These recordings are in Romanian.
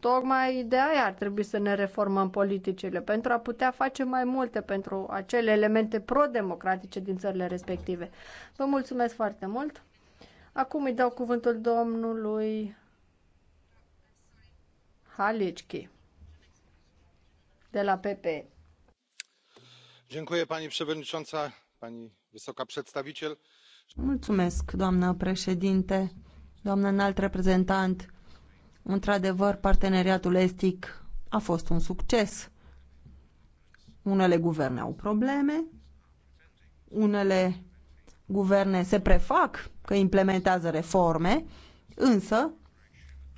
Tocmai de aia ar trebui să ne reformăm politicile, pentru a putea face mai multe pentru acele elemente pro-democratice din țările respective. Vă mulțumesc foarte mult! Acum îi dau cuvântul domnului Halicki de la PP. Dziękuję pani przewodnicząca, pani wysoka przedstawiciel. Mulțumesc, doamnă președinte, doamnă înalt reprezentant. Într-adevăr, parteneriatul estic a fost un succes. Unele guverne au probleme, unele guverne se prefac că implementează reforme, însă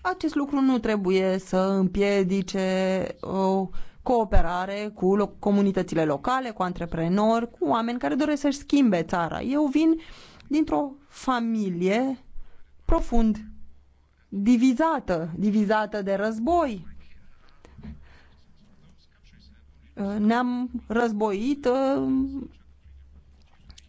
acest lucru nu trebuie să împiedice o cooperare cu comunitățile locale, cu antreprenori, cu oameni care doresc să-și schimbe țara. Eu vin dintr-o familie profund divizată, divizată de război. Uh, ne-am războit uh,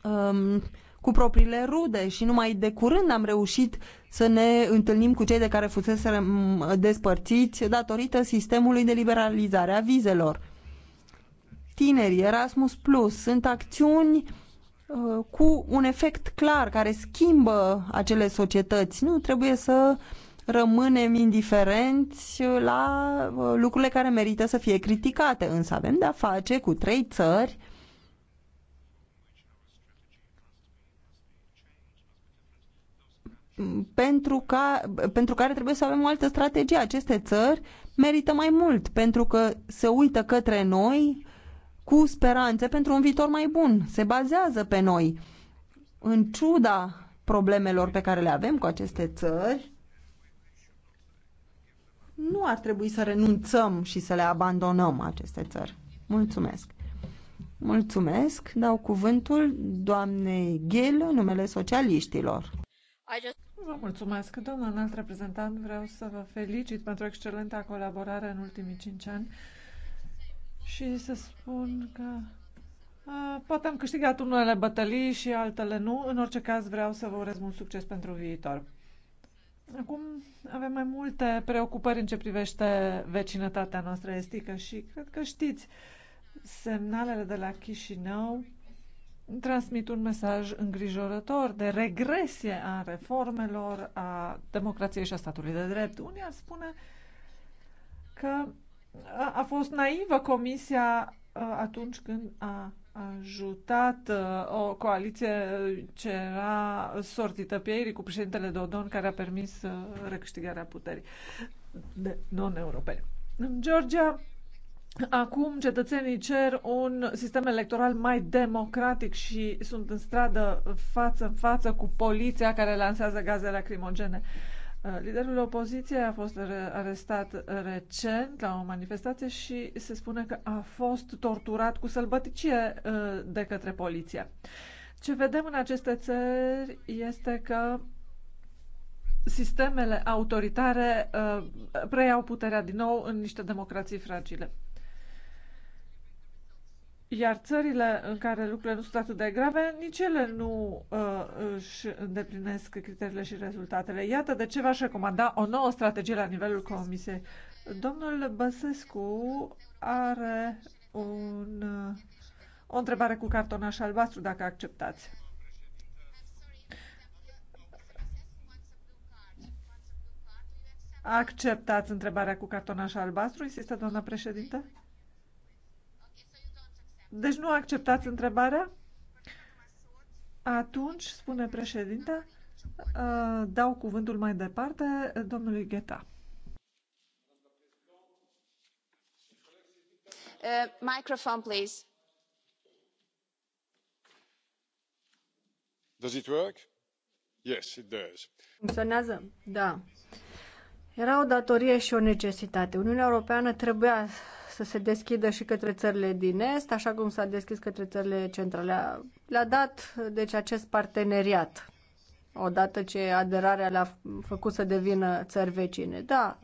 um, cu propriile rude și numai de curând am reușit să ne întâlnim cu cei de care fusese mm, despărțiți datorită sistemului de liberalizare a vizelor. Tinerii, Erasmus Plus, sunt acțiuni uh, cu un efect clar care schimbă acele societăți. Nu trebuie să uh, rămânem indiferenți la uh, lucrurile care merită să fie criticate, însă avem de-a face cu trei țări pentru, ca, pentru care trebuie să avem o altă strategie. Aceste țări merită mai mult pentru că se uită către noi cu speranțe pentru un viitor mai bun. Se bazează pe noi. În ciuda problemelor pe care le avem cu aceste țări, nu ar trebui să renunțăm și să le abandonăm aceste țări. Mulțumesc! Mulțumesc! Dau cuvântul doamnei Ghil numele socialiștilor. Vă mulțumesc, doamna înalt reprezentant. Vreau să vă felicit pentru excelenta colaborare în ultimii cinci ani și să spun că a, poate am câștigat unele bătălii și altele nu. În orice caz vreau să vă urez mult succes pentru viitor. Acum avem mai multe preocupări în ce privește vecinătatea noastră estică și cred că știți, semnalele de la Chișinău transmit un mesaj îngrijorător de regresie a reformelor, a democrației și a statului de drept. Unii ar spune că a fost naivă Comisia uh, atunci când a ajutat uh, o coaliție ce era sortită ei cu președintele Dodon, care a permis uh, recâștigarea puterii de non-europeni. În Georgia, acum cetățenii cer un sistem electoral mai democratic și sunt în stradă față în față cu poliția care lansează gaze lacrimogene. Uh, Uh, liderul opoziției a fost arestat recent la o manifestație și se spune că a fost torturat cu sălbăticie uh, de către poliție. Ce vedem în aceste țări este că sistemele autoritare uh, preiau puterea din nou în niște democrații fragile. Iar țările în care lucrurile nu sunt atât de grave, nici ele nu uh, își îndeplinesc criteriile și rezultatele. Iată de ce v-aș recomanda o nouă strategie la nivelul Comisiei. Domnul Băsescu are un, uh, o întrebare cu cartonaș albastru, dacă acceptați. Acceptați întrebarea cu cartonaș albastru, insistă doamna președinte? Deci nu acceptați întrebarea? Atunci, spune președinta, uh, dau cuvântul mai departe domnului Gheta. Uh, microphone, please. Does it work? Yes, it does. Funcționează? Da. Era o datorie și o necesitate. Uniunea Europeană trebuia să se deschidă și către țările din Est, așa cum s-a deschis către țările centrale. Le-a dat, deci, acest parteneriat odată ce aderarea le-a făcut să devină țări vecine. Da,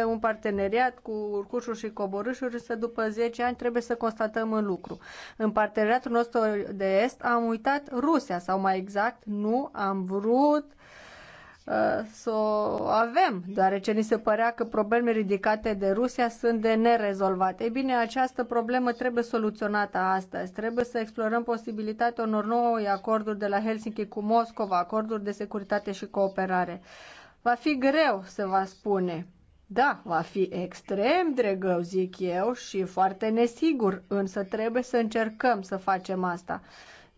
e un parteneriat cu urcușuri și coborâșuri, însă după 10 ani trebuie să constatăm un lucru. În parteneriatul nostru de est am uitat Rusia, sau mai exact, nu am vrut uh, Uh, să o avem, deoarece ni se părea că problemele ridicate de Rusia sunt de nerezolvate. Ei bine, această problemă trebuie soluționată astăzi. Trebuie să explorăm posibilitatea unor noi acorduri de la Helsinki cu Moscova, acorduri de securitate și cooperare. Va fi greu, se va spune. Da, va fi extrem de greu, zic eu, și foarte nesigur, însă trebuie să încercăm să facem asta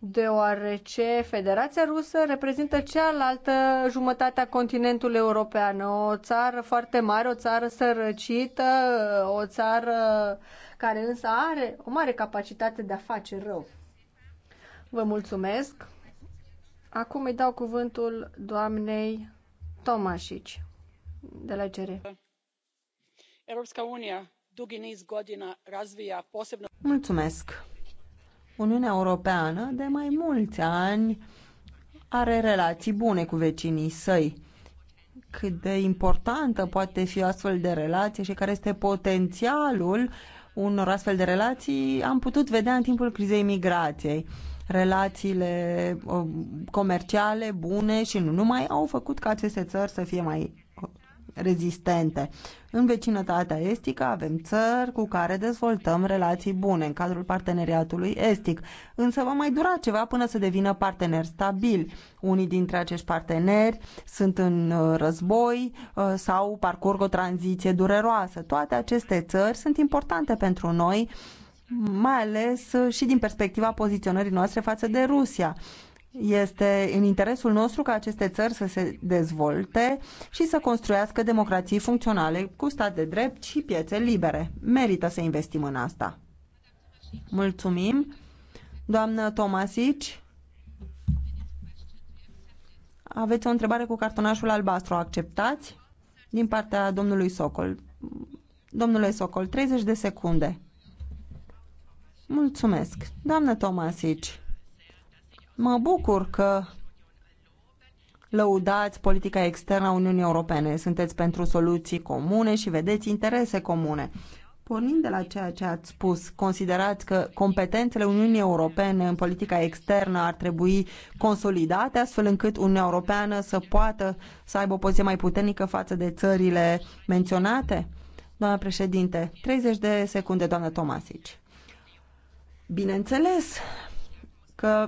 deoarece Federația Rusă reprezintă cealaltă jumătate a continentului european, o țară foarte mare, o țară sărăcită, o țară care însă are o mare capacitate de a face rău. Vă mulțumesc. Acum îi dau cuvântul doamnei Tomașici de la Cere. godina posebno... Mulțumesc. Uniunea Europeană de mai mulți ani are relații bune cu vecinii săi. Cât de importantă poate fi astfel de relație și care este potențialul unor astfel de relații am putut vedea în timpul crizei migrației. Relațiile uh, comerciale bune și nu numai au făcut ca aceste țări să fie mai rezistente. În vecinătatea estică avem țări cu care dezvoltăm relații bune în cadrul parteneriatului estic, însă va mai dura ceva până să devină partener stabil. Unii dintre acești parteneri sunt în uh, război uh, sau parcurg o tranziție dureroasă. Toate aceste țări sunt importante pentru noi, mai ales uh, și din perspectiva poziționării noastre față de Rusia este în interesul nostru ca aceste țări să se dezvolte și să construiască democrații funcționale cu stat de drept și piețe libere. Merită să investim în asta. Mulțumim. Doamnă Tomasici, aveți o întrebare cu cartonașul albastru. acceptați? Din partea domnului Socol. Domnule Socol, 30 de secunde. Mulțumesc. Doamnă Tomasici, Mă bucur că lăudați politica externă a Uniunii Europene. Sunteți pentru soluții comune și vedeți interese comune. Pornind de la ceea ce ați spus, considerați că competențele Uniunii Europene în politica externă ar trebui consolidate, astfel încât Uniunea Europeană să poată să aibă o poziție mai puternică față de țările menționate? Doamna președinte, 30 de secunde, doamna Tomasici. Bineînțeles că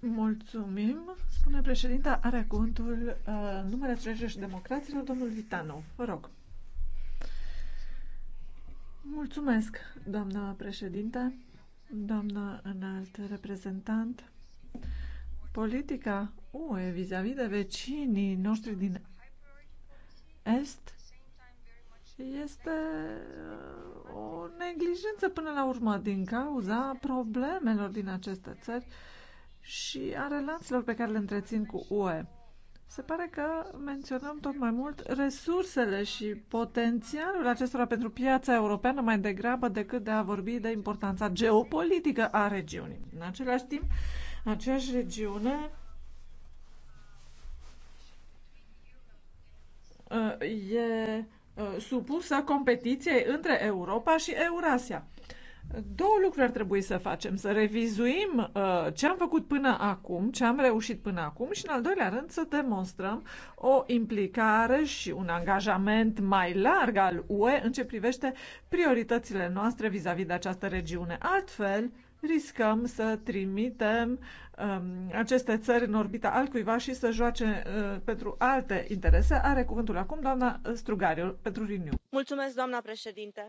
Mulțumim, spune președinta. Are cuvântul uh, numele Trecești și Democraților, domnul Vitano. Vă rog. Mulțumesc, doamna președinte, doamna înalt reprezentant. Politica UE vis-a-vis de vecinii noștri din Est este uh, o neglijență până la urmă din cauza problemelor din aceste țări uh, și a relațiilor pe care le întrețin cu UE. Se pare că menționăm tot mai mult resursele și potențialul acestora pentru piața europeană mai degrabă decât de a vorbi de importanța geopolitică a regiunii. În același timp, aceeași regiune uh, e uh, supusă competiției între Europa și Eurasia. Două lucruri ar trebui să facem. Să revizuim uh, ce am făcut până acum, ce am reușit până acum și, în al doilea rând, să demonstrăm o implicare și un angajament mai larg al UE în ce privește prioritățile noastre vis-a-vis -vis de această regiune. Altfel, riscăm să trimitem um, aceste țări în orbita altcuiva și să joace uh, pentru alte interese. Are cuvântul acum doamna Strugariu pentru Renew. Mulțumesc, doamna președinte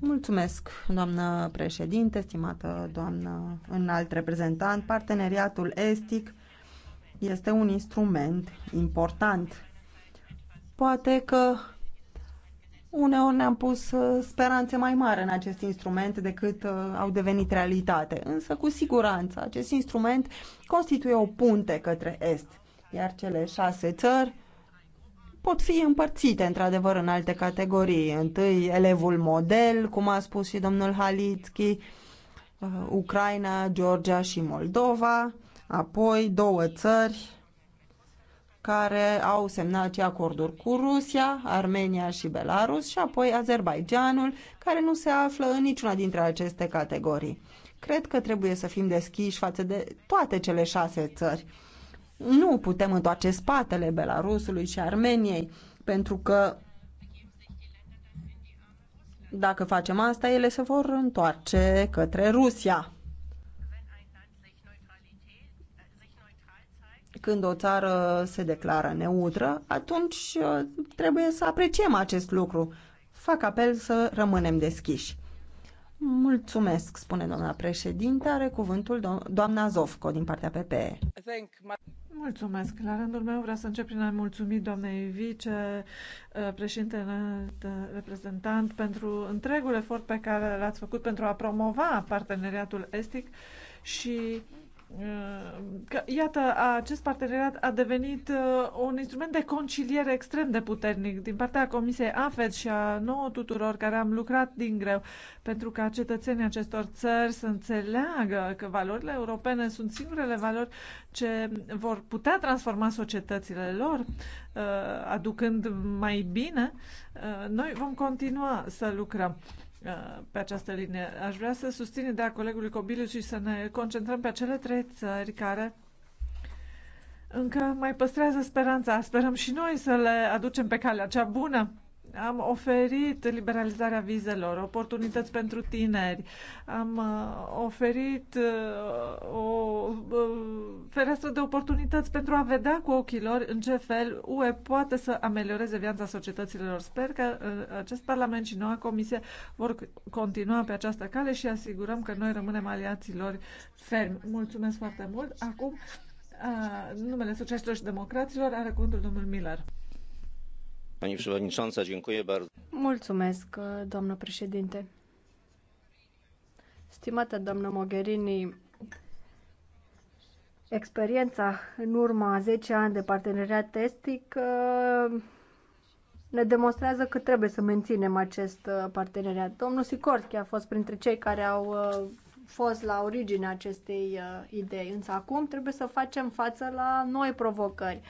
Mulțumesc, doamnă președinte, stimată doamnă înalt reprezentant. Parteneriatul estic este un instrument important. Poate că uneori ne-am pus uh, speranțe mai mari în acest instrument decât uh, au devenit realitate. Însă, cu siguranță, acest instrument constituie o punte către Est, iar cele șase țări pot fi împărțite, într-adevăr, în alte categorii. Întâi, elevul model, cum a spus și domnul Halitski, uh, Ucraina, Georgia și Moldova, apoi două țări care au semnat și acorduri cu Rusia, Armenia și Belarus și apoi Azerbaijanul, care nu se află în niciuna dintre aceste categorii. Cred că trebuie să fim deschiși față de toate cele șase țări nu putem întoarce spatele Belarusului și Armeniei, pentru că dacă facem asta, ele se vor întoarce către Rusia. Când o țară se declară neutră, atunci uh, trebuie să apreciem acest lucru. Fac apel să rămânem deschiși. Mulțumesc, spune doamna președinte. Are cuvântul do- doamna Zofco din partea PPE. Mulțumesc. La rândul meu vreau să încep prin a-i mulțumi doamnei vice uh, președintele uh, reprezentant pentru întregul efort pe care l-ați făcut pentru a promova parteneriatul estic și Uh, că, iată, acest parteneriat a devenit uh, un instrument de conciliere extrem de puternic din partea Comisiei AFED și a nouă tuturor care am lucrat din greu pentru ca cetățenii acestor țări să înțeleagă că valorile europene sunt singurele valori ce vor putea transforma societățile lor, uh, aducând mai bine. Noi vom continua să lucrăm. Uh, pe această linie. Aș vrea să susțin ideea colegului Cobiliu și să ne concentrăm pe cele trei țări care încă mai păstrează speranța. Sperăm și noi să le aducem pe calea cea bună am oferit liberalizarea vizelor, oportunități pentru tineri, am uh, oferit uh, o uh, fereastră de oportunități pentru a vedea cu ochii lor în ce fel UE poate să amelioreze viața societăților. Sper că acest Parlament și noua Comisie vor continua pe această cale și asigurăm că noi rămânem aliații lor fermi. Mulțumesc foarte mult! Acum, numele Socialiștilor și Democraților are cuvântul domnul Miller. Mulțumesc, doamnă președinte. Stimată doamnă Mogherini, experiența în urma 10 ani de parteneriat estic ne demonstrează că trebuie să menținem acest parteneriat. Domnul Sikorski a fost printre cei care au uh, fost la originea acestei uh, idei, însă acum trebuie să facem față la noi provocări.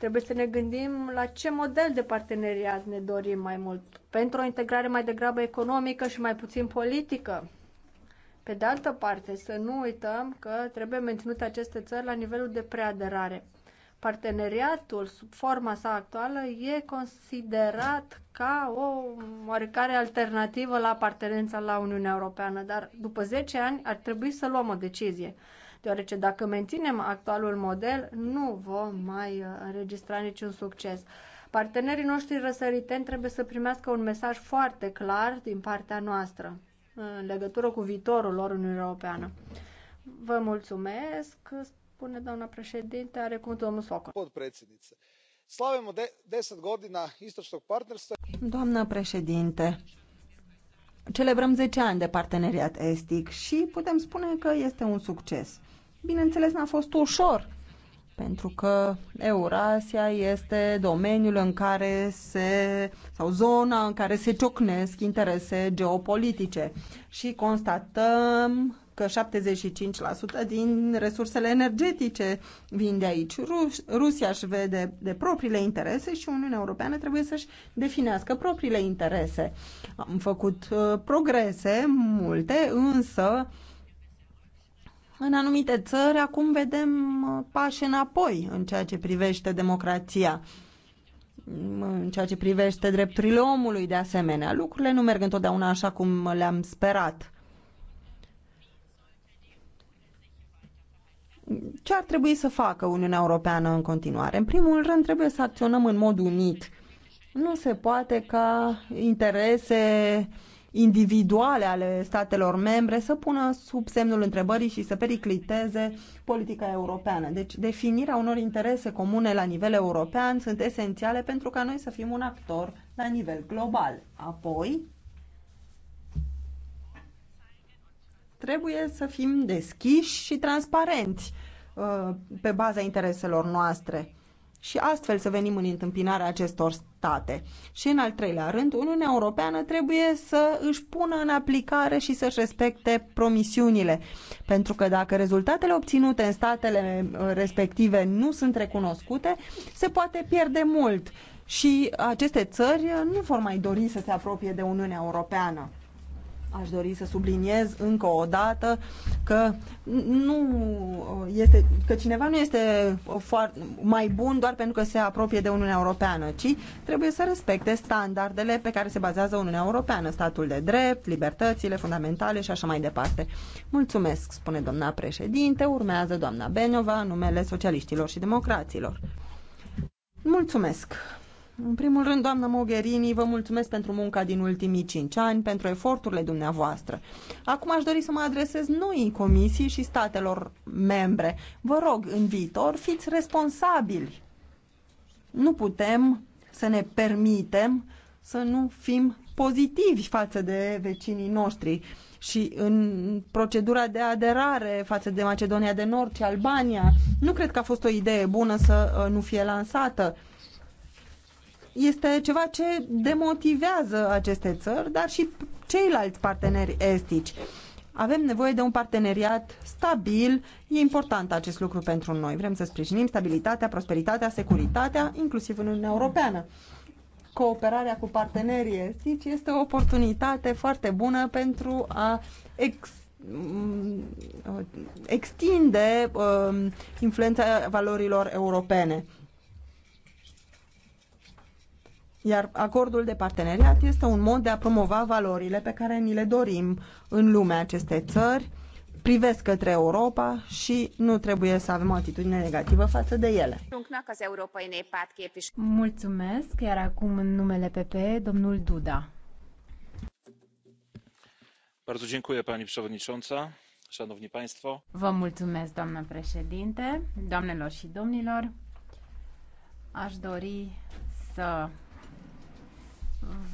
Trebuie să ne gândim la ce model de parteneriat ne dorim mai mult. Pentru o integrare mai degrabă economică și mai puțin politică. Pe de altă parte, să nu uităm că trebuie menținute aceste țări la nivelul de preaderare. Parteneriatul, sub forma sa actuală, e considerat ca o oarecare alternativă la apartenența la Uniunea Europeană, dar după 10 ani ar trebui să luăm o decizie deoarece dacă menținem actualul model, nu vom mai uh, înregistra niciun succes. Partenerii noștri răsăriteni trebuie să primească un mesaj foarte clar din partea noastră în legătură cu viitorul lor în Europeană. Vă mulțumesc, spune doamna președinte, are cuvântul domnul Socol. de 10 godina istočnog partnerstva. Doamna președinte, celebrăm 10 ani de parteneriat estic și putem spune că este un succes. Bineînțeles, n-a fost ușor, pentru că Eurasia este domeniul în care se, sau zona în care se ciocnesc interese geopolitice și constatăm că 75% din resursele energetice vin de aici. Rusia își vede de propriile interese și Uniunea Europeană trebuie să-și definească propriile interese. Am făcut uh, progrese multe, însă uh, în anumite țări acum vedem uh, pași înapoi în ceea ce privește democrația, mm, în ceea ce privește drepturile omului de asemenea. Lucrurile nu merg întotdeauna așa cum le-am sperat. Ce ar trebui să facă Uniunea Europeană în continuare? În primul rând trebuie să acționăm în mod unit. Nu se poate ca interese individuale ale statelor membre să pună sub semnul întrebării și să pericliteze politica europeană. Deci definirea unor interese comune la nivel european sunt esențiale pentru ca noi să fim un actor la nivel global. Apoi, trebuie să fim deschiși și transparenți uh, pe baza intereselor noastre și astfel să venim în întâmpinarea acestor state. Și în al treilea rând, Uniunea Europeană trebuie să își pună în aplicare și să-și respecte promisiunile, pentru că dacă rezultatele obținute în statele uh, respective nu sunt recunoscute, se poate pierde mult și aceste țări uh, nu vor mai dori să se apropie de Uniunea Europeană. Aș dori să subliniez încă o dată că nu este că cineva nu este foarte, mai bun doar pentru că se apropie de Uniunea Europeană, ci trebuie să respecte standardele pe care se bazează Uniunea Europeană, statul de drept, libertățile fundamentale și așa mai departe. Mulțumesc, spune doamna președinte, urmează doamna Benova, numele socialiștilor și democraților. Mulțumesc! În primul rând, doamnă Mogherini, vă mulțumesc pentru munca din ultimii cinci ani, pentru eforturile dumneavoastră. Acum aș dori să mă adresez noii comisii și statelor membre. Vă rog, în viitor, fiți responsabili. Nu putem să ne permitem să nu fim pozitivi față de vecinii noștri și în procedura de aderare față de Macedonia de Nord și Albania. Nu cred că a fost o idee bună să uh, nu fie lansată este ceva ce demotivează aceste țări, dar și ceilalți parteneri estici. Avem nevoie de un parteneriat stabil. E important acest lucru pentru noi. Vrem să sprijinim stabilitatea, prosperitatea, securitatea, inclusiv în Uniunea Europeană. Cooperarea cu partenerii estici este o oportunitate foarte bună pentru a ex- extinde uh, influența valorilor europene. Iar acordul de parteneriat este un mod de a promova valorile pe care ni le dorim în lumea acestei țări, privesc către Europa și nu trebuie să avem o atitudine negativă față de ele. Mulțumesc, iar acum în numele PP, domnul Duda. Bardzo dziękuję pani przewodnicząca. Szanowni państwo. Vă mulțumesc, doamnă președinte, doamnelor și domnilor. Aș dori să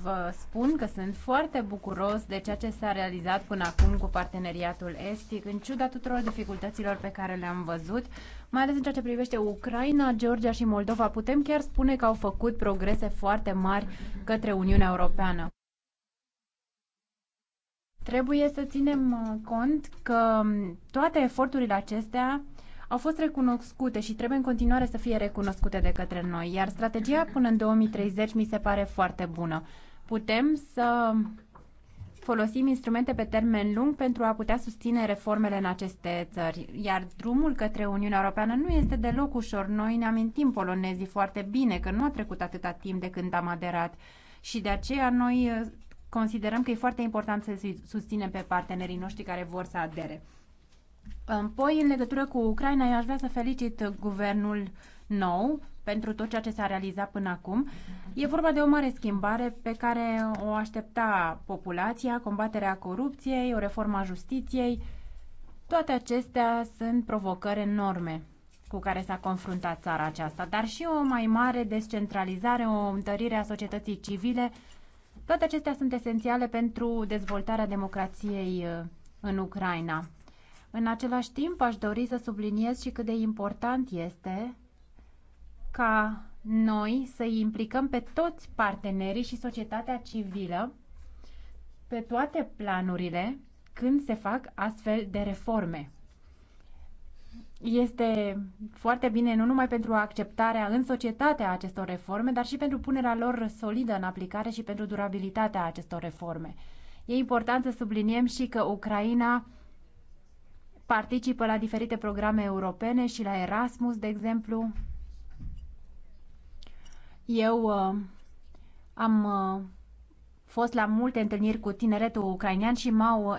vă spun că sunt foarte bucuros de ceea ce s-a realizat până acum cu parteneriatul estic, în ciuda tuturor dificultăților pe care le-am văzut, mai ales în ceea ce privește Ucraina, Georgia și Moldova. Putem chiar spune că au făcut progrese foarte mari către Uniunea Europeană. Trebuie să ținem uh, cont că toate eforturile acestea au fost recunoscute și trebuie în continuare să fie recunoscute de către noi, iar strategia până în 2030 mi se pare foarte bună. Putem să folosim instrumente pe termen lung pentru a putea susține reformele în aceste țări. Iar drumul către Uniunea Europeană nu este deloc ușor. Noi ne amintim polonezii foarte bine că nu a trecut atâta timp de când am aderat și de aceea noi eh, considerăm că e foarte important să susținem pe partenerii noștri care vor să adere. Apoi, în legătură cu Ucraina, eu aș vrea să felicit guvernul nou pentru tot ceea ce s-a realizat până acum. E vorba de o mare schimbare pe care o aștepta populația, combaterea corupției, o reformă a justiției. Toate acestea sunt provocări enorme cu care s-a confruntat țara aceasta, dar și o mai mare descentralizare, o întărire a societății civile. Toate acestea sunt esențiale pentru dezvoltarea democrației uh, în Ucraina. În același timp, aș dori să subliniez și cât de important este ca noi să îi implicăm pe toți partenerii și societatea civilă pe toate planurile când se fac astfel de reforme. Este foarte bine nu numai pentru acceptarea în societate a acestor reforme, dar și pentru punerea lor solidă în aplicare și pentru durabilitatea acestor reforme. E important să subliniem și că Ucraina participă la diferite programe europene și la Erasmus, de exemplu. Eu uh, am uh, fost la multe întâlniri cu tineretul ucrainean și m-au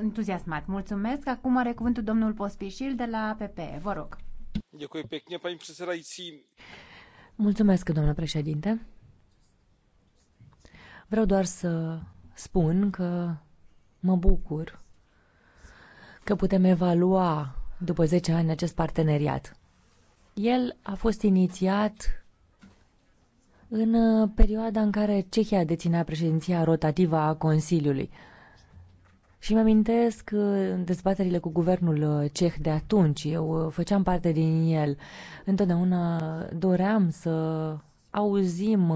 entuziasmat. Mulțumesc. Acum are cuvântul domnul Pospișil de la PPE. Vă rog. Mulțumesc, domnule președinte. Vreau doar să spun că mă bucur că putem evalua după 10 ani acest parteneriat. El a fost inițiat în uh, perioada în care Cehia deținea președinția rotativă a Consiliului. Și îmi amintesc uh, dezbaterile cu guvernul uh, ceh de atunci. Eu făceam parte din el. Întotdeauna doream să auzim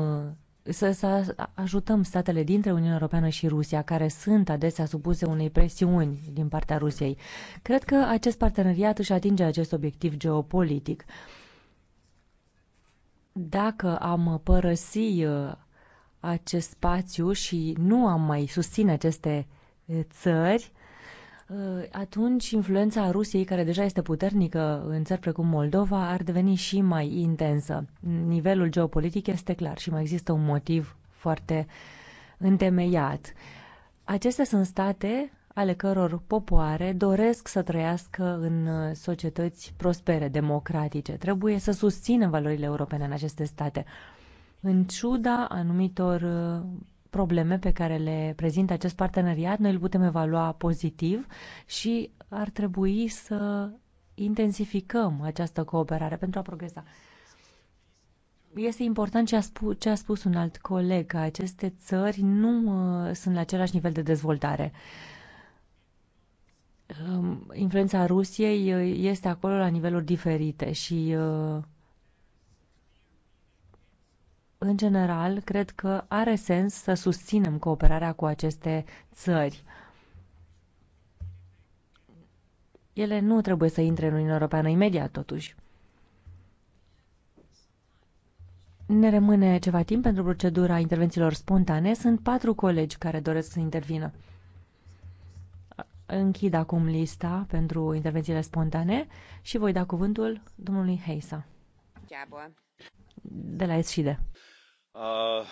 să, să ajutăm statele dintre Uniunea Europeană și Rusia, care sunt adesea supuse unei presiuni din partea Rusiei. Cred că acest parteneriat își atinge acest obiectiv geopolitic. Dacă am părăsi uh, acest spațiu și nu am mai susține aceste uh, țări, Uh, atunci influența Rusiei, care deja este puternică în țări precum Moldova, ar deveni și mai intensă. Nivelul geopolitic este clar și mai există un motiv foarte întemeiat. Acestea sunt state ale căror popoare doresc să trăiască în uh, societăți prospere, democratice. Trebuie să susțină valorile europene în aceste state, în ciuda anumitor uh, probleme pe care le prezintă acest parteneriat, noi îl putem evalua pozitiv și ar trebui să intensificăm această cooperare pentru a progresa. Este important ce a, spu- ce a spus un alt coleg, că aceste țări nu uh, sunt la același nivel de dezvoltare. Um, influența Rusiei uh, este acolo la niveluri diferite și uh, în general, cred că are sens să susținem cooperarea cu aceste țări. Ele nu trebuie să intre în Uniunea Europeană imediat, totuși. Ne rămâne ceva timp pentru procedura intervențiilor spontane. Sunt patru colegi care doresc să intervină. Închid acum lista pentru intervențiile spontane și voi da cuvântul domnului Heisa. De la SCD. Ă,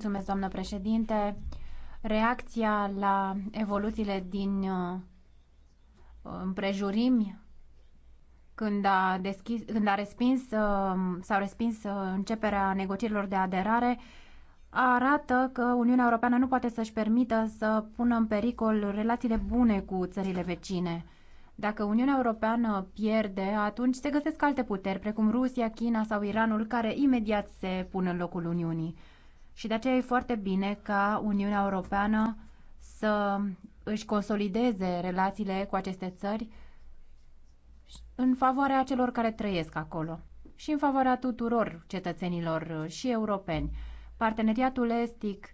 doamnă președintă reacția la evoluțiile din ă, împrejurimi când a, deschis, când a respins, ă, s-au respins începerea negocierilor de aderare arată că Uniunea Europeană nu poate să-și permită să pună în pericol relațiile bune cu țările vecine. Dacă Uniunea Europeană pierde, atunci se găsesc alte puteri, precum Rusia, China sau Iranul, care imediat se pun în locul Uniunii. Și de aceea e foarte bine ca Uniunea Europeană să își consolideze relațiile cu aceste țări în favoarea celor care trăiesc acolo și în favoarea tuturor cetățenilor și europeni. Parteneriatul estic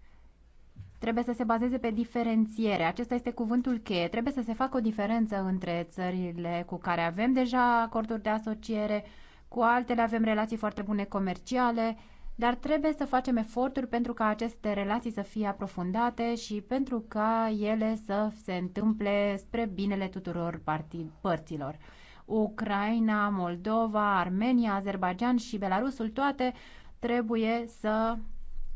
trebuie să se bazeze pe diferențiere. Acesta este cuvântul cheie. Trebuie să se facă o diferență între țările cu care avem deja acorduri de asociere, cu altele avem relații foarte bune comerciale, dar trebuie să facem eforturi pentru ca aceste relații să fie aprofundate și pentru ca ele să se întâmple spre binele tuturor partii, părților. Ucraina, Moldova, Armenia, Azerbaijan și Belarusul, toate trebuie să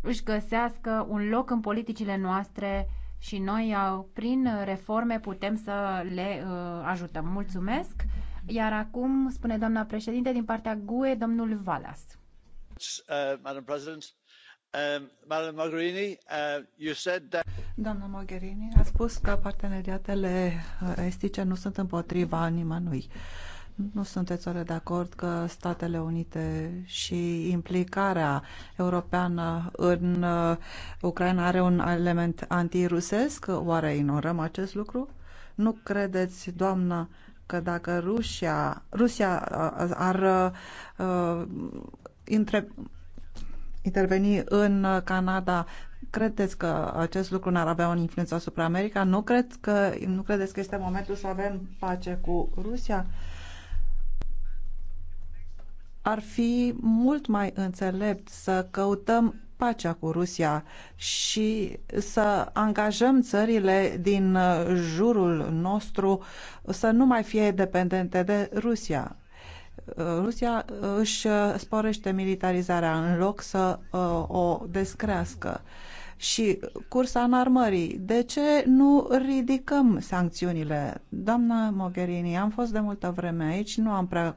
își găsească un loc în politicile noastre și noi, uh, prin reforme, putem să le uh, ajutăm. Mulțumesc! Iar acum, spune doamna președinte, din partea GUE, domnul Valas. Uh, Madam President, um, Madam Mogherini, Doamna Mogherini a spus că parteneriatele estice nu sunt împotriva nimănui. Uh, nu sunteți oare de acord că Statele Unite și implicarea europeană în uh, Ucraina are un element antirusesc? Oare ignorăm acest lucru? Nu credeți, doamnă, că dacă Rusia, Rusia uh, ar, uh, intre, interveni în Canada, credeți că acest lucru n-ar avea o influență asupra America? Nu, cred că, nu credeți că este momentul să avem pace cu Rusia? Ar fi mult mai înțelept să căutăm pacea cu Rusia și să angajăm țările din uh, jurul nostru să nu mai fie dependente de Rusia. Uh, Rusia uh, își sporește militarizarea în loc să o descrească și cursa în armării. De ce nu ridicăm sancțiunile? Doamna Mogherini, am fost de multă vreme aici, nu am prea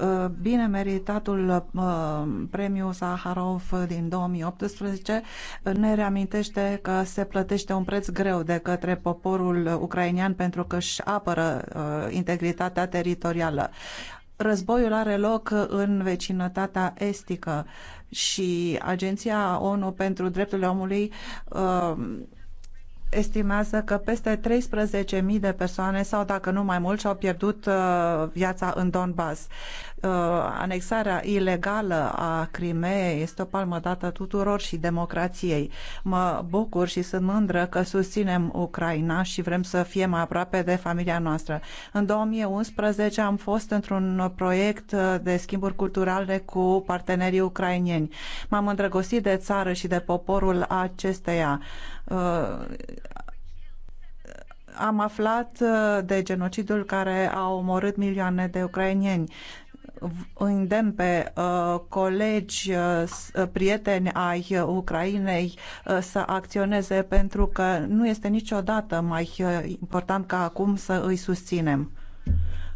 Eh, bine meritatul eh, premiu Saharov din 2018 eh, ne reamintește că se plătește un preț greu de către poporul ucrainian pentru că își apără integritatea teritorială războiul are loc în vecinătatea estică și Agenția ONU pentru Drepturile Omului uh, estimează că peste 13.000 de persoane sau dacă nu mai mult și-au pierdut uh, viața în Donbass. Uh, anexarea ilegală a Crimeei este o palmă dată tuturor și democrației. Mă bucur și sunt mândră că susținem Ucraina și vrem să fie mai aproape de familia noastră. În 2011 am fost într-un proiect uh, de schimburi culturale cu partenerii ucrainieni. M-am îndrăgostit de țară și de poporul acesteia Uh, am aflat uh, de genocidul care a omorât milioane de ucrainieni. Îndemn pe uh, colegi, uh, uh, prieteni ai Ucrainei uh, să acționeze pentru că nu este niciodată mai important ca acum să îi susținem.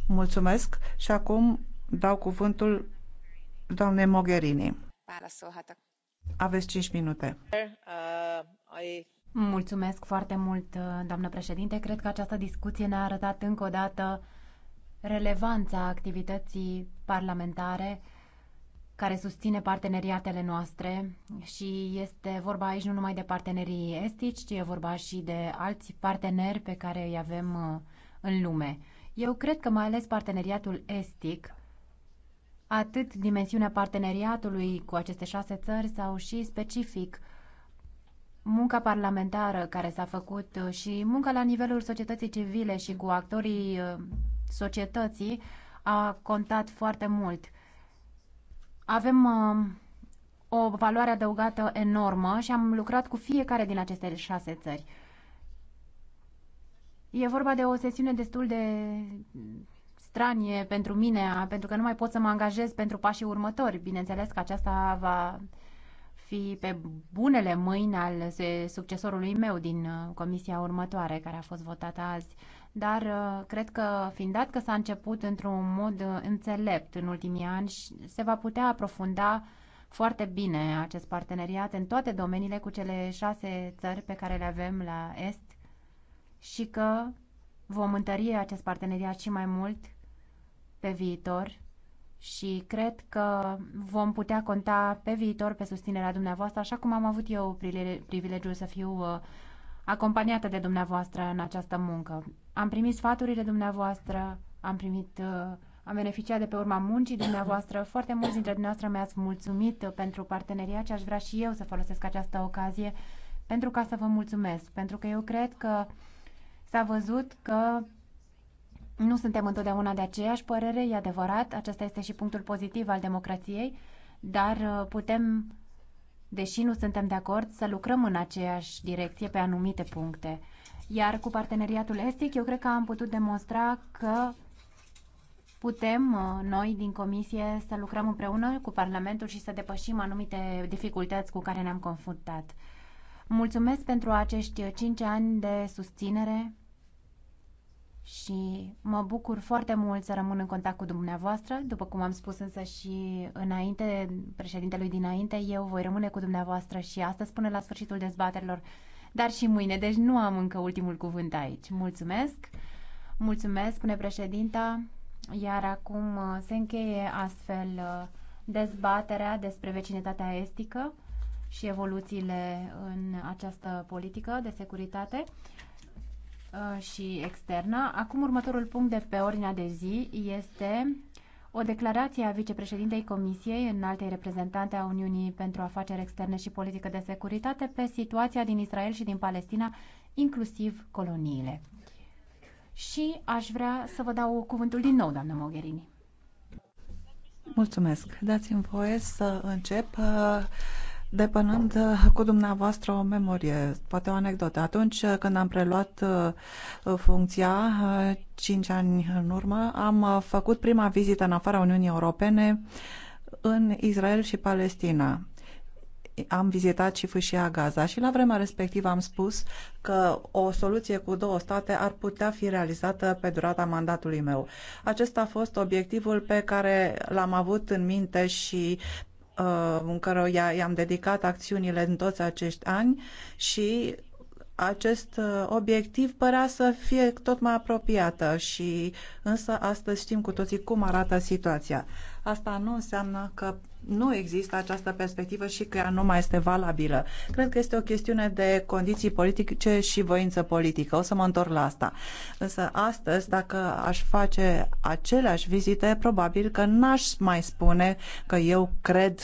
Mulțumesc și acum dau cuvântul doamnei Mogherini. Aveți 5 minute. I Mulțumesc foarte mult, uh, doamnă președinte. Cred că această discuție ne-a arătat încă o dată relevanța activității parlamentare care susține parteneriatele noastre și este vorba aici nu numai de partenerii estici, ci e vorba și de alți parteneri pe care îi avem uh, în lume. Eu cred că mai ales parteneriatul estic, atât dimensiunea parteneriatului cu aceste șase țări sau și specific munca parlamentară care s-a făcut uh, și munca la nivelul societății civile și cu actorii uh, societății a contat foarte mult. Avem uh, o valoare adăugată enormă și am lucrat cu fiecare din aceste șase țări. E vorba de o sesiune destul de stranie pentru mine, pentru că nu mai pot să mă angajez pentru pașii următori. Bineînțeles că aceasta va fi pe bunele mâini al succesorului meu din uh, comisia următoare, care a fost votată azi. Dar uh, cred că, fiind dat că s-a început într-un mod uh, înțelept în ultimii ani, se va putea aprofunda foarte bine acest parteneriat în toate domeniile cu cele șase țări pe care le avem la Est și că vom întări acest parteneriat și mai mult pe viitor și cred că vom putea conta pe viitor pe susținerea dumneavoastră, așa cum am avut eu privilegiul să fiu uh, acompaniată de dumneavoastră în această muncă. Am primit sfaturile dumneavoastră, am primit uh, am beneficiat de pe urma muncii dumneavoastră. Foarte mulți dintre dumneavoastră mi-ați mulțumit uh, pentru parteneriat și aș vrea și eu să folosesc această ocazie pentru ca să vă mulțumesc, pentru că eu cred că s-a văzut că nu suntem întotdeauna de aceeași părere, e adevărat, acesta este și punctul pozitiv al democrației, dar uh, putem, deși nu suntem de acord, să lucrăm în aceeași direcție pe anumite puncte. Iar cu parteneriatul estic, eu cred că am putut demonstra că putem uh, noi din comisie să lucrăm împreună cu Parlamentul și să depășim anumite dificultăți cu care ne-am confruntat. Mulțumesc pentru acești uh, cinci ani de susținere și mă bucur foarte mult să rămân în contact cu dumneavoastră. După cum am spus însă și înainte, președintelui dinainte, eu voi rămâne cu dumneavoastră și astăzi până la sfârșitul dezbaterilor, dar și mâine, deci nu am încă ultimul cuvânt aici. Mulțumesc! Mulțumesc, spune președinta, iar acum uh, se încheie astfel uh, dezbaterea despre vecinătatea estică și evoluțiile în această politică de securitate. Uh, și externă. Acum următorul punct de pe ordinea de zi este o declarație a vicepreședintei Comisiei înaltei reprezentante a Uniunii pentru Afaceri Externe și Politică de Securitate pe situația din Israel și din Palestina, inclusiv coloniile. Și aș vrea să vă dau cuvântul din nou, doamnă Mogherini. Mulțumesc. Dați-mi voie să încep uh, depănând uh, cu dumneavoastră o memorie, poate o anecdotă. Atunci uh, când am preluat uh, funcția, 5 ani în urmă, am făcut prima vizită în afara Uniunii Europene în Israel și Palestina am vizitat și fâșia Gaza și la vremea respectivă am spus că o soluție cu două state ar putea fi realizată pe durata mandatului meu. Acesta a fost obiectivul pe care l-am avut în minte și Uh, în care i-am dedicat acțiunile în toți acești ani și acest uh, obiectiv părea să fie tot mai apropiată și însă astăzi știm cu toții cum arată situația. Asta nu înseamnă că nu există această perspectivă și că ea nu mai este valabilă. Cred că este o chestiune de condiții politice și voință politică. O să mă întorc la asta. Însă astăzi, dacă aș face aceleași vizite, probabil că n-aș mai spune că eu cred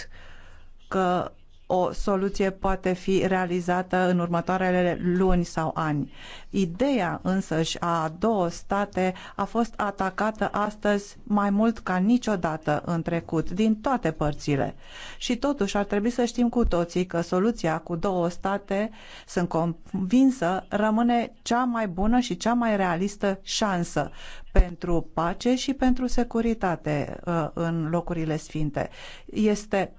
că o soluție poate fi realizată în următoarele luni sau ani. Ideea însăși a două state a fost atacată astăzi mai mult ca niciodată în trecut, din toate părțile. Și totuși ar trebui să știm cu toții că soluția cu două state, sunt convinsă, rămâne cea mai bună și cea mai realistă șansă pentru pace și pentru securitate uh, în locurile sfinte. Este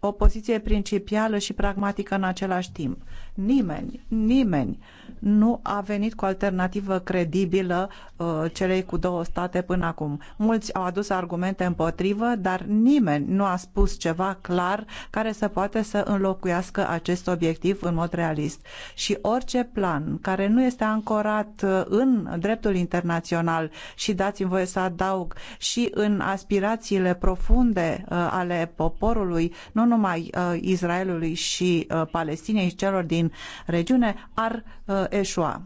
o poziție principială și pragmatică în același timp. Nimeni, nimeni nu a venit cu alternativă credibilă uh, celei cu două state până acum. Mulți au adus argumente împotrivă, dar nimeni nu a spus ceva clar care să poate să înlocuiască acest obiectiv în mod realist. Și orice plan care nu este ancorat uh, în dreptul internațional și dați-mi voie să adaug și în aspirațiile profunde uh, ale poporului, nu numai uh, Israelului și uh, Palestinei și celor din regiune ar uh, eșua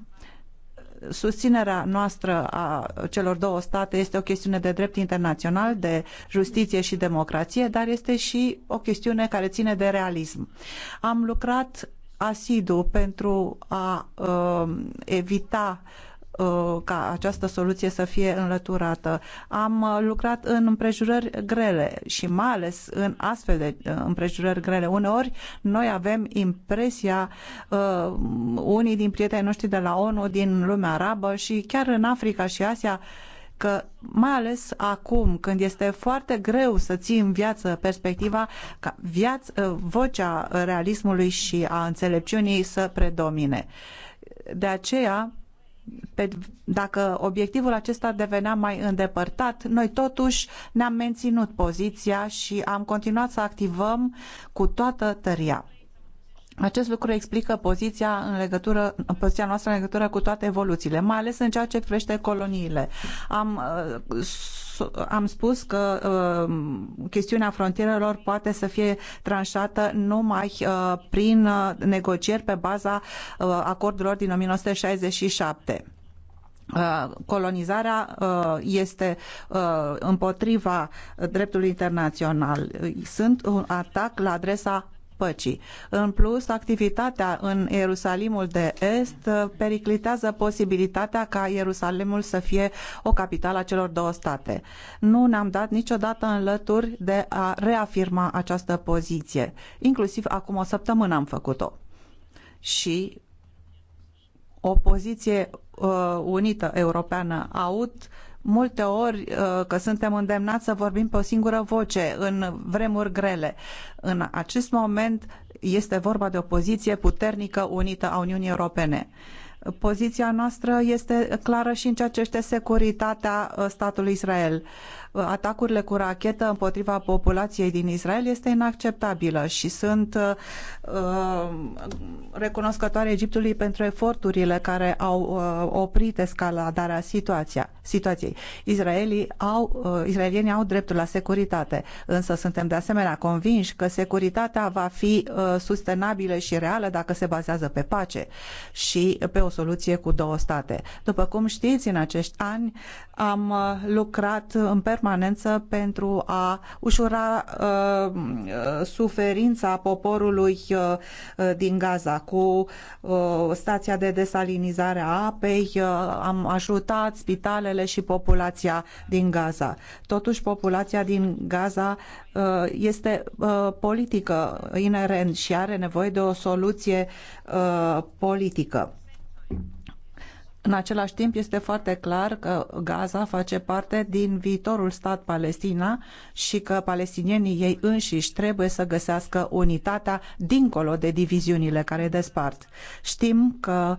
susținerea noastră a celor două state este o chestiune de drept internațional, de justiție și democrație, dar este și o chestiune care ține de realism. Am lucrat asidu pentru a uh, evita uh, Uh, ca această soluție să fie înlăturată. Am uh, lucrat în împrejurări grele și mai ales în astfel de uh, împrejurări grele. Uneori noi avem impresia uh, unii din prietenii noștri de la ONU, din lumea arabă și chiar în Africa și Asia că mai ales acum când este foarte greu să ții în viață perspectiva ca viață, vocea realismului și a înțelepciunii să predomine. De aceea pe, dacă obiectivul acesta devenea mai îndepărtat, noi totuși ne-am menținut poziția și am continuat să activăm cu toată tăria. Acest lucru explică poziția, în legătură, poziția noastră în legătură cu toate evoluțiile, mai ales în ceea ce privește coloniile. Am uh, am spus că uh, chestiunea frontierelor poate să fie tranșată numai uh, prin uh, negocieri pe baza uh, acordurilor din 1967 uh, colonizarea uh, este împotriva dreptului internațional. Sunt un atac la adresa păcii. În plus, activitatea în Ierusalimul de Est uh, periclitează posibilitatea ca Ierusalimul să fie o capitală a celor două state. Nu ne-am dat niciodată în lături de a reafirma această poziție. Inclusiv acum o săptămână am făcut-o. Și o poziție uh, unită europeană aut multe ori uh, că suntem îndemnați să vorbim pe o singură voce în vremuri grele. În acest moment este vorba de o poziție puternică unită a Uniunii Europene. Poziția noastră este clară și în ceea ce este securitatea uh, statului Israel. Uh, atacurile cu rachetă împotriva populației din Israel este inacceptabilă și sunt uh, recunoscătoare Egiptului pentru eforturile care au uh, oprit escaladarea situația, situației. Israelii au, uh, israelienii au dreptul la securitate, însă suntem de asemenea convinși că securitatea va fi sustenabilă și reală dacă se bazează pe pace și pe o soluție cu două state. După cum știți, în acești ani am lucrat în per- permanență pentru a ușura uh, uh suferința poporului uh, uh, din Gaza. Cu uh, stația de desalinizare a apei uh, am ajutat spitalele și populația din Gaza. Totuși, populația din Gaza uh, este uh, politică inerent și are nevoie de o soluție uh, politică în același timp, este foarte clar că Gaza face parte din viitorul stat Palestina și că palestinienii ei înșiși trebuie să găsească unitatea dincolo de diviziunile care despart. Știm că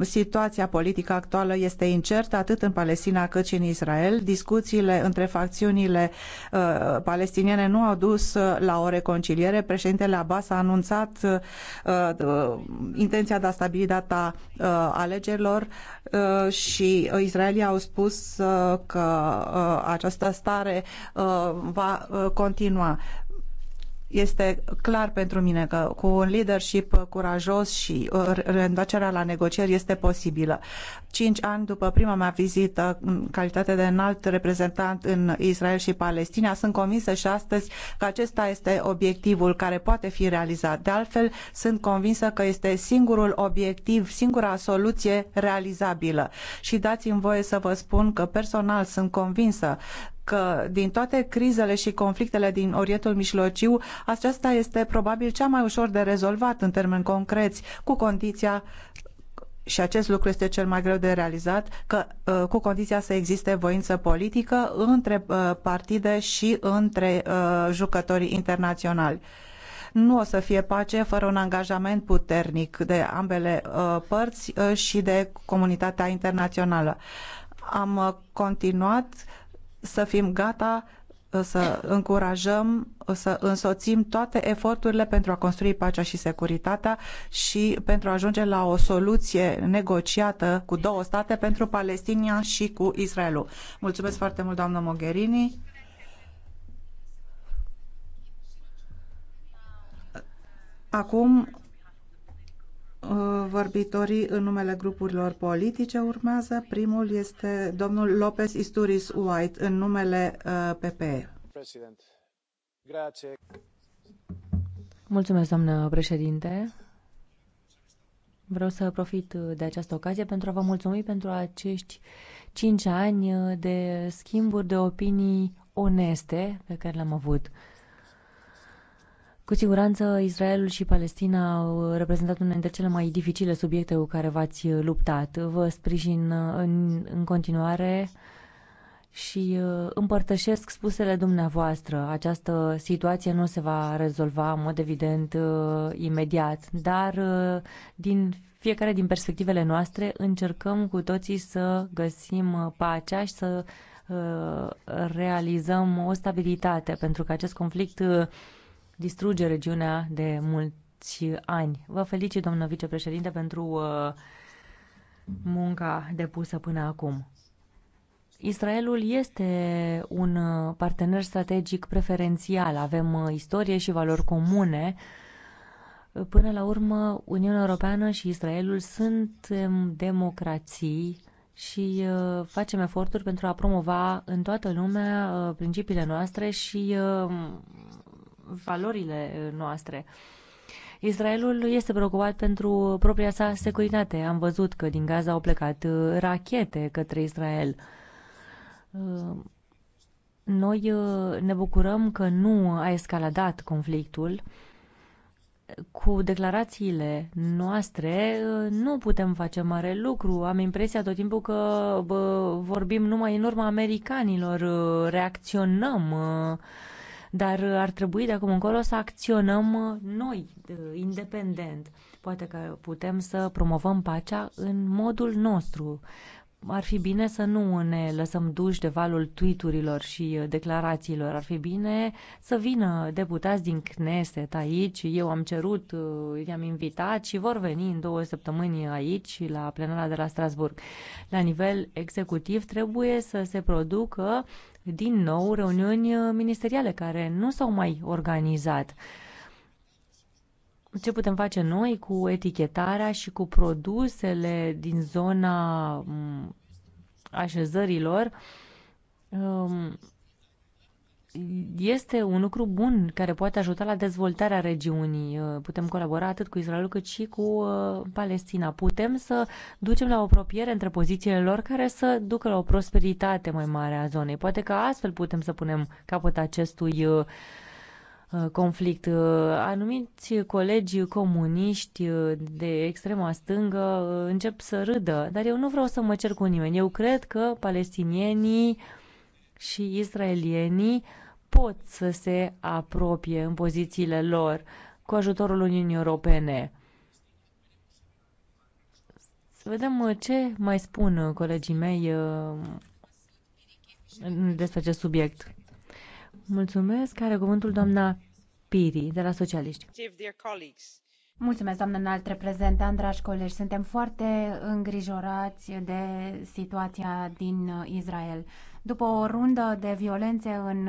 situația politică actuală este incertă atât în Palestina cât și în Israel. Discuțiile între facțiunile uh, palestiniene nu au dus uh, la o reconciliere. Președintele Abbas a anunțat uh, uh, intenția de a stabili data uh, alegerilor Uh, și uh, Israelii au spus uh, că această stare va continua. Este clar pentru mine că cu un leadership curajos și uh, reîntoarcerea la negocieri este posibilă. Cinci ani după prima mea vizită în calitate de înalt reprezentant în Israel și Palestina, sunt convinsă și astăzi că acesta este obiectivul care poate fi realizat. De altfel, sunt convinsă că este singurul obiectiv, singura soluție realizabilă. Și dați-mi voie să vă spun că personal sunt convinsă că din toate crizele și conflictele din Orientul Mijlociu, aceasta este probabil cea mai ușor de rezolvat în termeni concreți, cu condiția și acest lucru este cel mai greu de realizat, că ă, cu condiția să existe voință politică între ă, partide și între ă, jucătorii internaționali. Nu o să fie pace fără un angajament puternic de ambele părți și de comunitatea internațională. Am continuat uh, să fim gata uh, să încurajăm, uh, să însoțim toate eforturile pentru a construi pacea și securitatea și pentru a ajunge la o soluție negociată cu două state pentru Palestina și cu Israelul. Mulțumesc foarte mult, doamnă Mogherini. Acum Uh, vorbitorii în numele grupurilor politice urmează. Primul este domnul Lopez Isturiz White în numele uh, PPE. Mulțumesc, doamnă președinte. Vreau să profit de această ocazie pentru a vă mulțumi pentru acești cinci ani de schimburi de opinii oneste pe care le-am avut. Cu siguranță, Israelul și Palestina au reprezentat unul dintre cele mai dificile subiecte cu care v-ați luptat. Vă sprijin în, în continuare și uh, împărtășesc spusele dumneavoastră. Această situație nu se va rezolva, în mod evident, uh, imediat, dar uh, din fiecare din perspectivele noastre încercăm cu toții să găsim pacea și să realizăm o stabilitate, pentru că acest conflict distruge regiunea de mulți ani. Vă felicit, domnul vicepreședinte, pentru uh, munca depusă până acum. Israelul este un partener strategic preferențial. Avem uh, istorie și valori comune. Până la urmă, Uniunea Europeană și Israelul sunt um, democrații și uh, facem eforturi pentru a promova în toată lumea uh, principiile noastre și um, valorile uh, noastre. Israelul este preocupat pentru propria sa securitate. Am văzut că din Gaza au plecat uh, rachete către Israel. Uh, noi ne bucurăm că nu a escaladat conflictul. Cu declarațiile noastre nu putem face mare lucru. Am impresia tot timpul că vorbim numai în urma americanilor, reacționăm dar uh, ar trebui de acum încolo să acționăm uh, noi, uh, independent. Poate că putem să promovăm pacea în modul nostru. Ar fi bine să nu ne lăsăm duși de valul tweeturilor și declarațiilor. Ar fi bine să vină deputați din Cneset aici. Eu am cerut, i-am invitat și vor veni în două săptămâni aici, la plenara de la Strasburg. La nivel executiv trebuie să se producă din nou reuniuni uh, ministeriale care nu s-au mai organizat. Ce putem face noi cu etichetarea și cu produsele din zona mm, așezărilor? Um, este un lucru bun care poate ajuta la dezvoltarea regiunii. Uh, putem colabora atât cu Israelul cât și cu uh, Palestina. Putem să ducem la o apropiere între pozițiile lor care să ducă la o prosperitate mai mare a zonei. Poate că astfel putem să punem capăt acestui uh, conflict. Anumiți colegi comuniști de extrema stângă încep să râdă, dar eu nu vreau să mă cer cu nimeni. Eu cred că palestinienii și israelienii pot să se apropie în pozițiile lor cu ajutorul Uniunii Europene. Să vedem uh, ce mai spun uh, colegii mei uh, despre acest subiect. Mulțumesc. Are cuvântul doamna Piri, de la Socialiști. Mulțumesc, doamnă înalt reprezentant, dragi colegi. Suntem foarte îngrijorați de situația din Israel. După o rundă de violențe în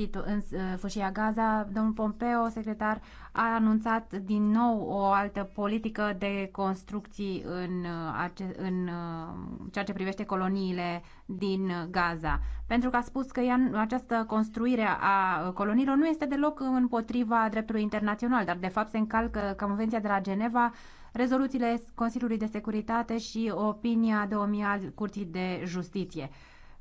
situ- în uh, fâșia Gaza, domnul Pompeo, secretar, a anunțat din nou o altă politică de construcții în, uh, ace- în uh, ceea ce privește coloniile din Gaza. Pentru că a spus că ea, această construire a coloniilor nu este deloc împotriva dreptului internațional, dar de fapt se încalcă Convenția de la Geneva, rezoluțiile Consiliului de Securitate și opinia 2000 al Curții de Justiție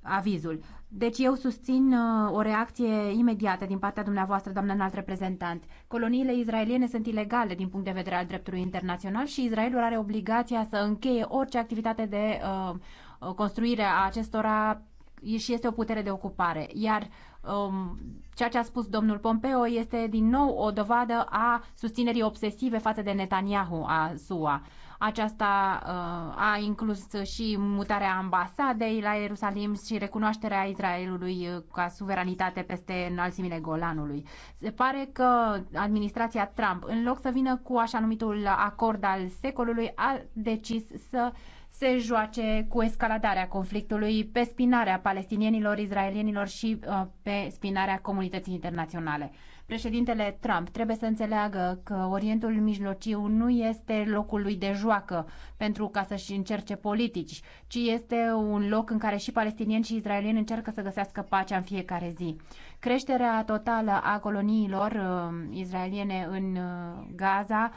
avizul. Deci eu susțin uh, o reacție imediată din partea dumneavoastră, doamnă înalt reprezentant. Coloniile izraeliene sunt ilegale din punct de vedere al dreptului internațional și Israelul are obligația să încheie orice activitate de uh, construire a acestora și este o putere de ocupare. Iar um, ceea ce a spus domnul Pompeo este din nou o dovadă a susținerii obsesive față de Netanyahu a SUA. Uh, aceasta uh, a inclus și mutarea ambasadei la Ierusalim și recunoașterea Israelului uh, ca suveranitate peste înălțimile Golanului. Se pare că administrația Trump, în loc să vină cu așa numitul acord al secolului, a decis să se joace cu escaladarea conflictului pe spinarea palestinienilor, izraelienilor și uh, pe spinarea comunității internaționale. Președintele Trump trebuie să înțeleagă că Orientul Mijlociu nu este locul lui de joacă pentru ca să-și încerce politici, ci este un loc în care și palestinieni și izraelieni încearcă să găsească pacea în fiecare zi. Creșterea totală a coloniilor uh, izraeliene în uh, Gaza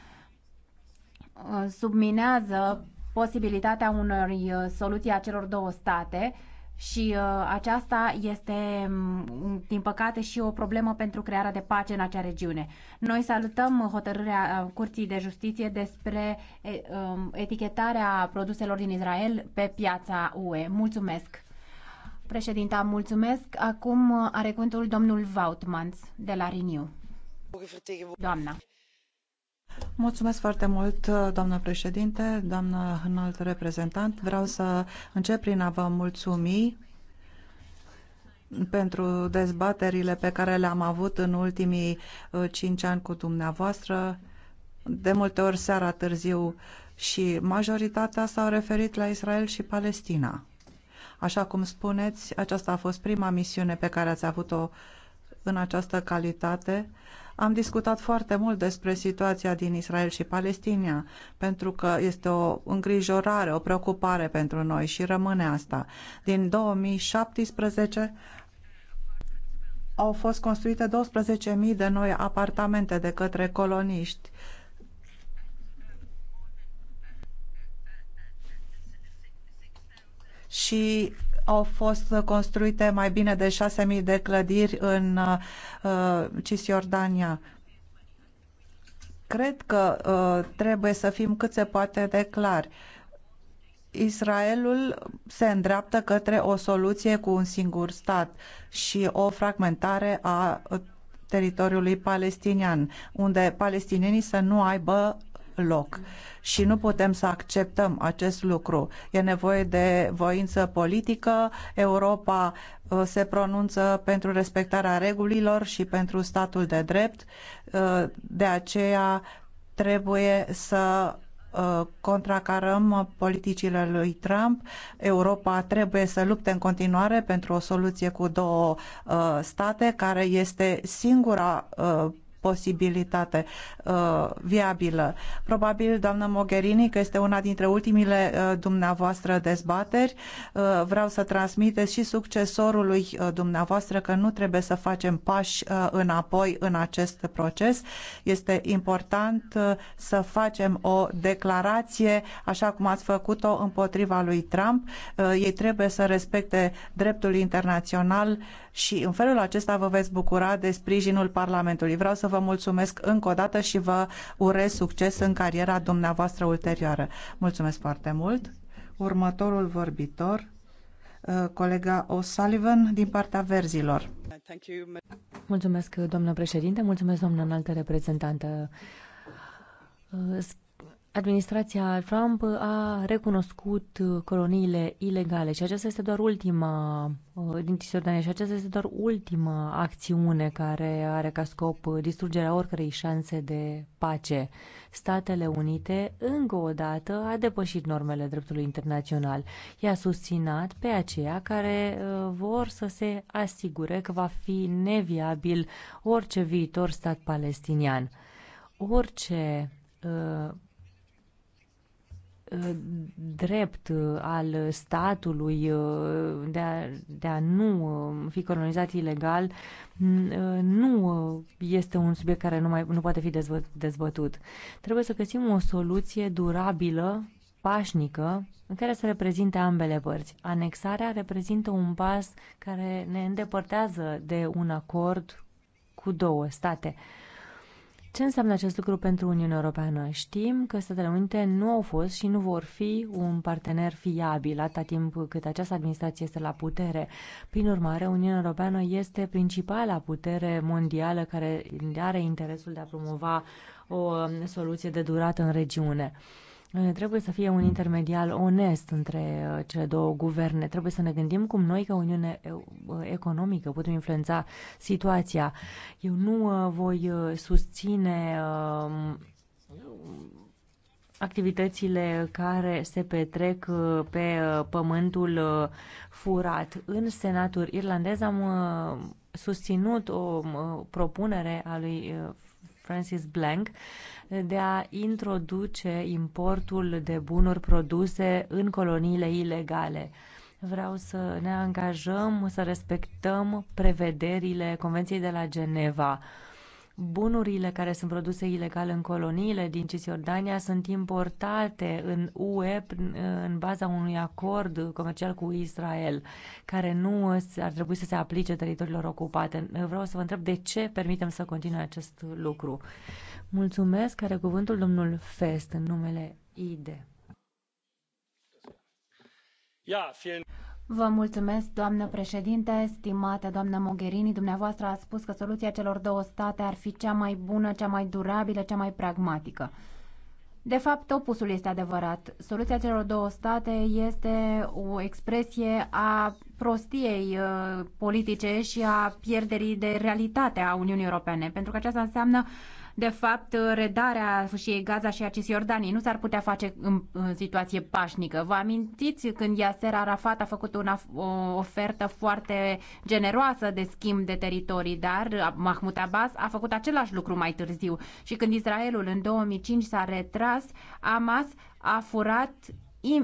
uh, subminează posibilitatea unor uh, soluții a celor două state și uh, aceasta este, mm, din păcate, și o problemă pentru crearea de pace în acea regiune. Noi salutăm hotărârea uh, Curții de Justiție despre uh, etichetarea produselor din Israel pe piața UE. Mulțumesc! Președinta, mulțumesc. Acum uh, are cuvântul domnul Vautmans de la Renew. Doamna. Mulțumesc foarte mult, doamnă președinte, doamnă înalt reprezentant. Vreau să încep prin a vă mulțumi pentru dezbaterile pe care le-am avut în ultimii uh, cinci ani cu dumneavoastră, de multe ori seara târziu și majoritatea s-au referit la Israel și Palestina. Așa cum spuneți, aceasta a fost prima misiune pe care ați avut-o uh, în această calitate, am discutat foarte mult despre situația din Israel și Palestina, pentru că este o îngrijorare, o preocupare pentru noi și rămâne asta. Din 2017 au fost construite 12.000 de noi apartamente de către coloniști. Și au fost construite mai bine de 6.000 de clădiri în uh, Cisjordania. Cred că uh, trebuie să fim cât se poate de clari. Israelul se îndreaptă către o soluție cu un singur stat și o fragmentare a teritoriului palestinian, unde palestinienii să nu aibă loc și nu putem să acceptăm acest lucru. E nevoie de voință politică. Europa uh, se pronunță pentru respectarea regulilor și pentru statul de drept. Uh, de aceea trebuie să uh, contracarăm politicile lui Trump. Europa trebuie să lupte în continuare pentru o soluție cu două state, care este singura posibilitate uh, viabilă. Probabil, doamnă Mogherini, că este una dintre ultimile uh, dumneavoastră dezbateri. Uh, vreau să transmiteți și succesorului uh, dumneavoastră că nu trebuie să facem pași uh, înapoi în acest proces. Este important uh, să facem o declarație, așa cum ați făcut-o împotriva lui Trump. Uh, ei trebuie să respecte dreptul internațional și în felul acesta vă veți bucura de sprijinul Parlamentului. Vreau să vă mulțumesc încă o dată și vă urez succes în cariera dumneavoastră ulterioară. Mulțumesc foarte mult. Următorul vorbitor, uh, colega O'Sullivan din partea verzilor. Mulțumesc, doamnă președinte, mulțumesc, doamnă înaltă reprezentantă. Uh, Administrația Trump a recunoscut uh, coloniile ilegale și aceasta este doar ultima uh, din Cisjordania și aceasta este doar ultima acțiune care are ca scop uh, distrugerea oricărei șanse de pace. Statele Unite încă o dată a depășit normele dreptului internațional. I-a susținat pe aceia care vor să se asigure că va fi neviabil orice viitor stat palestinian. Orice drept uh, al statului uh, de a, de a nu uh, fi colonizat ilegal nu este un subiect care nu, mai, nu poate fi dezbă, dezbătut. Trebuie să găsim o soluție durabilă, pașnică, în care să reprezinte ambele părți. Anexarea reprezintă un pas care ne îndepărtează de un acord cu două state. Ce înseamnă acest lucru pentru Uniunea Europeană? Știm că Statele Unite nu au fost și nu vor fi un partener fiabil atâta timp cât această administrație este la putere. Prin urmare, Uniunea Europeană este principala putere mondială care are interesul de a promova o um, soluție de durată în regiune. Eh, trebuie să fie un intermedial onest între eh, cele două guverne. Trebuie să ne gândim cum noi, ca Uniune eh, Economică, putem influența situația. Eu nu voi susține ehm, activitățile care se petrec pe pământul furat. În Senatul irlandez am susținut o propunere a lui Francis Blank de a introduce importul de bunuri produse în coloniile ilegale. Vreau să ne angajăm să respectăm prevederile Convenției de la Geneva Bunurile care sunt produse ilegal în coloniile din Cisjordania sunt importate în UE în baza unui acord comercial cu Israel, care nu ar trebui să se aplice teritoriilor ocupate. Vreau să vă întreb de ce permitem să continue acest lucru. Mulțumesc. Are cuvântul domnul Fest în numele ID. Ja, vielen Vă mulțumesc, doamnă președinte, stimată doamnă Mogherini. Dumneavoastră a spus că soluția celor două state ar fi cea mai bună, cea mai durabilă, cea mai pragmatică. De fapt, opusul este adevărat. Soluția celor două state este o expresie a prostiei uh, politice și a pierderii de realitate a Uniunii Europene, pentru că aceasta înseamnă uh, de fapt, redarea și Gaza și a Cisjordaniei nu s-ar putea face în, în situație pașnică. Vă amintiți când Yasser Arafat a făcut una, o ofertă foarte generoasă de schimb de teritorii, dar Mahmoud Abbas a făcut același lucru mai târziu. Și când Israelul în 2005 s-a retras, Hamas a furat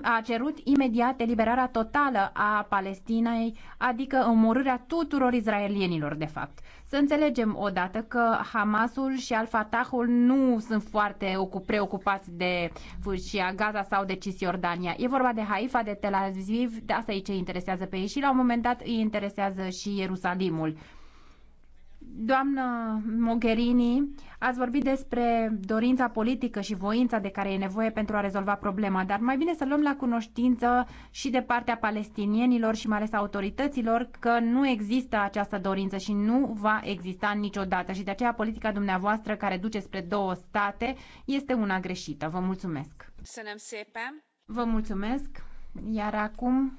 a cerut imediat eliberarea totală a Palestinei, adică omorârea tuturor izraelienilor, de fapt. Să înțelegem odată că Hamasul și Al-Fatahul nu sunt foarte preocupați de fâșia Gaza sau de Cisjordania. E vorba de Haifa, de Tel Aviv, de asta e ce interesează pe ei și la un moment dat îi interesează și Ierusalimul. Doamnă Mogherini, ați vorbit despre dorința politică și voința de care e nevoie pentru a rezolva problema, dar mai bine să luăm la cunoștință și de partea palestinienilor și mai ales autorităților că nu există această dorință și nu va exista niciodată și de aceea politica dumneavoastră care duce spre două state este una greșită. Vă mulțumesc! Vă mulțumesc! Iar acum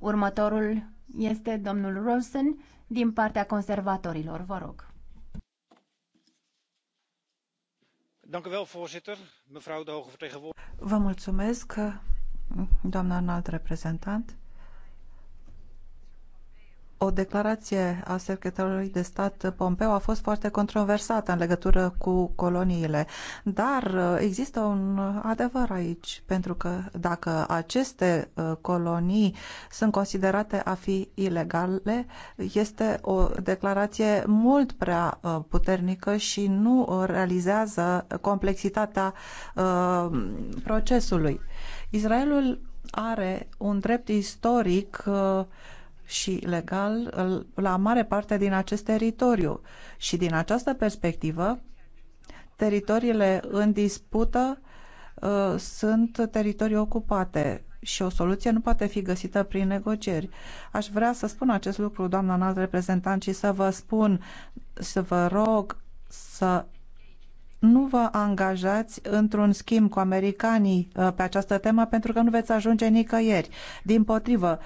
următorul este domnul Rosen din partea conservatorilor. Vă rog. Vă mulțumesc, doamna înalt reprezentant. O declarație a secretarului de stat Pompeo a fost foarte controversată în legătură cu coloniile, dar uh, există un adevăr aici, pentru că dacă aceste uh, colonii sunt considerate a fi ilegale, este o declarație mult prea uh, puternică și nu realizează complexitatea procesului. Israelul are un drept istoric și legal la mare parte din acest teritoriu. Și din această perspectivă, teritoriile în dispută uh, sunt teritorii ocupate și o soluție nu poate fi găsită prin negocieri. Aș vrea să spun acest lucru, doamna înalt reprezentant, și să vă spun, să vă rog să nu vă angajați într-un schimb cu americanii ă, pe această temă pentru că nu veți ajunge nicăieri. Din potrivă,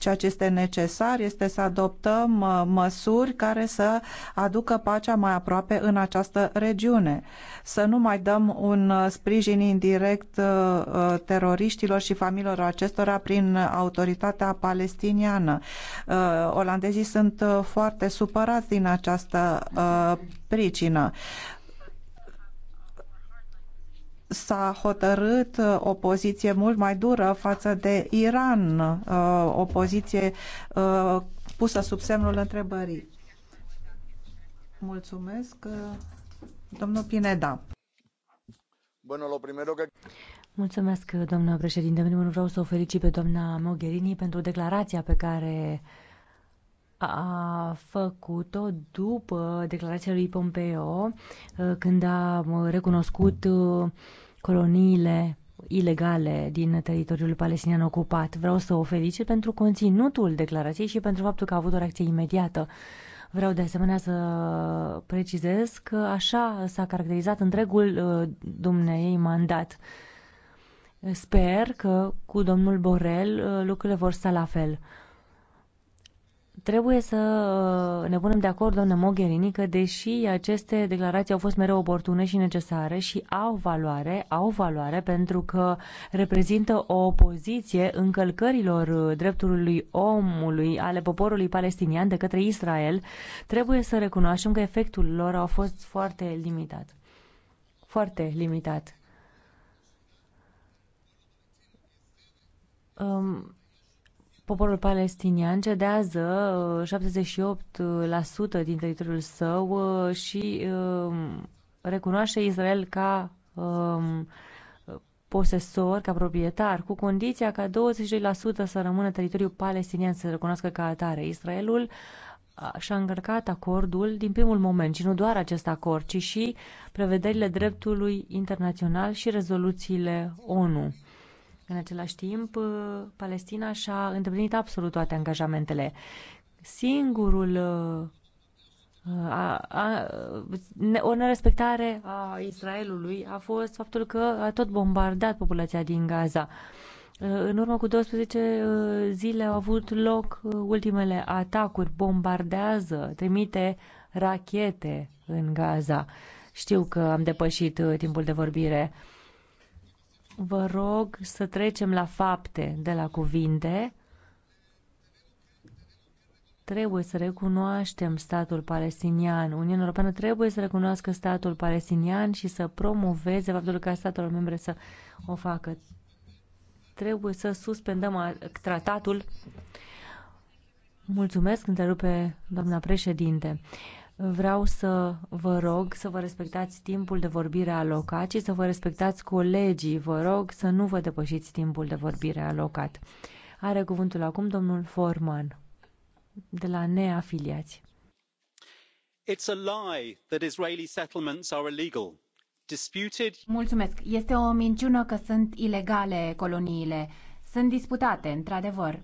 Ceea ce este necesar este să adoptăm uh, măsuri care să aducă pacea mai aproape în această regiune. Să nu mai dăm un uh, sprijin indirect uh, teroriștilor și familiilor acestora prin autoritatea palestiniană. Olandezii sunt foarte supărați din această pricină s-a hotărât uh, o poziție mult mai dură față de Iran, uh, o poziție uh, pusă sub semnul întrebării. Mulțumesc. Domnul Pineda. Mulțumesc, doamnă președinte. În vreau să o felicit pe doamna Mogherini pentru declarația pe care a făcut-o după declarația lui Pompeo, când a recunoscut coloniile ilegale din teritoriul palestinian ocupat. Vreau să o felicit pentru conținutul declarației și pentru faptul că a avut o reacție imediată. Vreau de asemenea să precizez că așa s-a caracterizat întregul uh, dumneei mandat. Sper că cu domnul Borel uh, lucrurile vor sta la fel. Trebuie să uh, ne punem de acord, doamnă Mogherini, că deși aceste declarații au fost mereu oportune și necesare și au valoare, au valoare pentru că reprezintă o opoziție încălcărilor uh, drepturilor omului ale poporului palestinian de către Israel, trebuie să recunoaștem că efectul lor a fost foarte limitat. Foarte limitat. Um, Poporul palestinian cedează 78% uh, din teritoriul său uh, și um, recunoaște Israel ca um, posesor, ca proprietar, cu condiția ca 20% să rămână teritoriul palestinian să se recunoască ca atare. Israelul și-a încărcat acordul din primul moment și nu doar acest acord, ci și prevederile dreptului internațional și rezoluțiile ONU. În același timp, Palestina și-a îndeplinit absolut toate angajamentele. Singurul uh, a, a, o nerespectare a Israelului a fost faptul că a tot bombardat populația din Gaza. Uh, în urmă cu 12 uh, zile au avut loc ultimele atacuri, bombardează, trimite rachete în Gaza. Știu că am depășit timpul de vorbire. Vă rog să trecem la fapte de la cuvinte. Trebuie să recunoaștem statul palestinian. Uniunea Europeană trebuie să recunoască statul palestinian și să promoveze faptul ca statelor membre să o facă. Trebuie să suspendăm tratatul. Mulțumesc, întrerupe doamna președinte. Uh, Vreau să vă rog să vă respectați timpul de vorbire alocat și să vă respectați colegii. Vă rog să nu vă depășiți timpul de vorbire alocat. Are cuvântul acum domnul Forman, de la neafiliați. It's a lie that Israeli settlements are illegal. Disputed... Mulțumesc. Este o minciună că sunt ilegale coloniile. Sunt disputate, într-adevăr.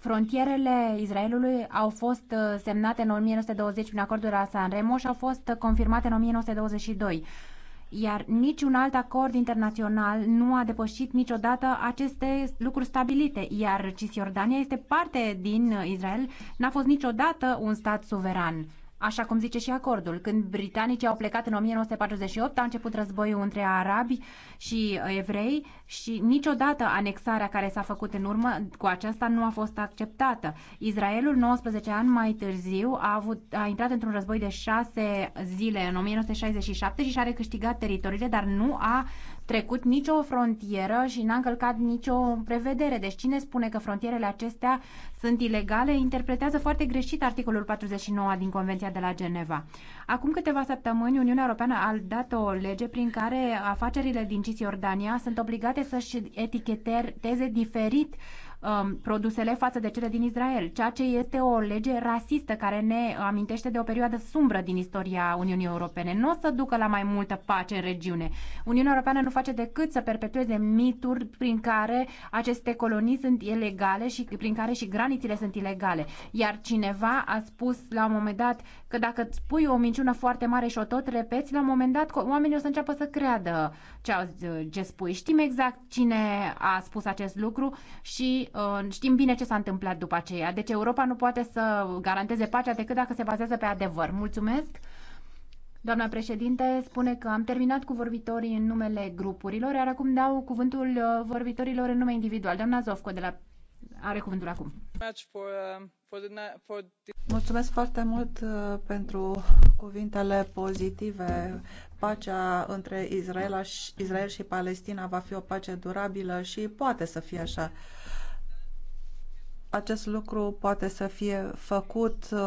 Frontierele Israelului au fost uh, semnate în 1920 prin acordul la San Remo și au fost uh, confirmate în 1922 iar niciun alt acord internațional nu a depășit niciodată aceste lucruri stabilite, iar Cisjordania este parte din Israel, n-a fost niciodată un stat suveran. Așa cum zice și acordul, când britanicii au plecat în 1948, a început războiul între arabi și evrei și niciodată anexarea care s-a făcut în urmă cu aceasta nu a fost acceptată. Israelul, 19 ani mai târziu, a, avut, a intrat într-un război de șase zile în 1967 și și-a recâștigat teritoriile, dar nu a trecut nicio frontieră și n-a încălcat nicio prevedere. Deci cine spune că frontierele acestea sunt ilegale interpretează foarte greșit articolul 49 din Convenția de la Geneva. Acum câteva săptămâni, Uniunea Europeană a dat o lege prin care afacerile din Cisjordania sunt obligate să-și eticheteze diferit um, produsele față de cele din Israel, ceea ce este o lege rasistă care ne amintește de o perioadă sumbră din istoria Uniunii Europene. Nu o să ducă la mai multă pace în regiune. Uniunea Europeană nu face decât să perpetueze mituri prin care aceste colonii sunt ilegale și prin care și granițele sunt ilegale. Iar cineva a spus la un moment dat că dacă îți pui o minciună foarte mare și o tot repeți, la un moment dat oamenii o să înceapă să creadă ce, ce spui. Știm exact cine a spus acest lucru și Uh, știm bine ce s-a întâmplat după aceea. Deci Europa nu poate să garanteze pacea decât dacă se bazează pe adevăr. Mulțumesc! Doamna președinte spune că am terminat cu vorbitorii în numele grupurilor, iar acum dau cuvântul uh, vorbitorilor în nume individual. Doamna Zofco de la are cuvântul acum. Mulțumesc foarte mult uh, pentru cuvintele pozitive. Pacea între Israel și Palestina va fi o pace durabilă și poate să fie așa acest lucru poate să fie făcut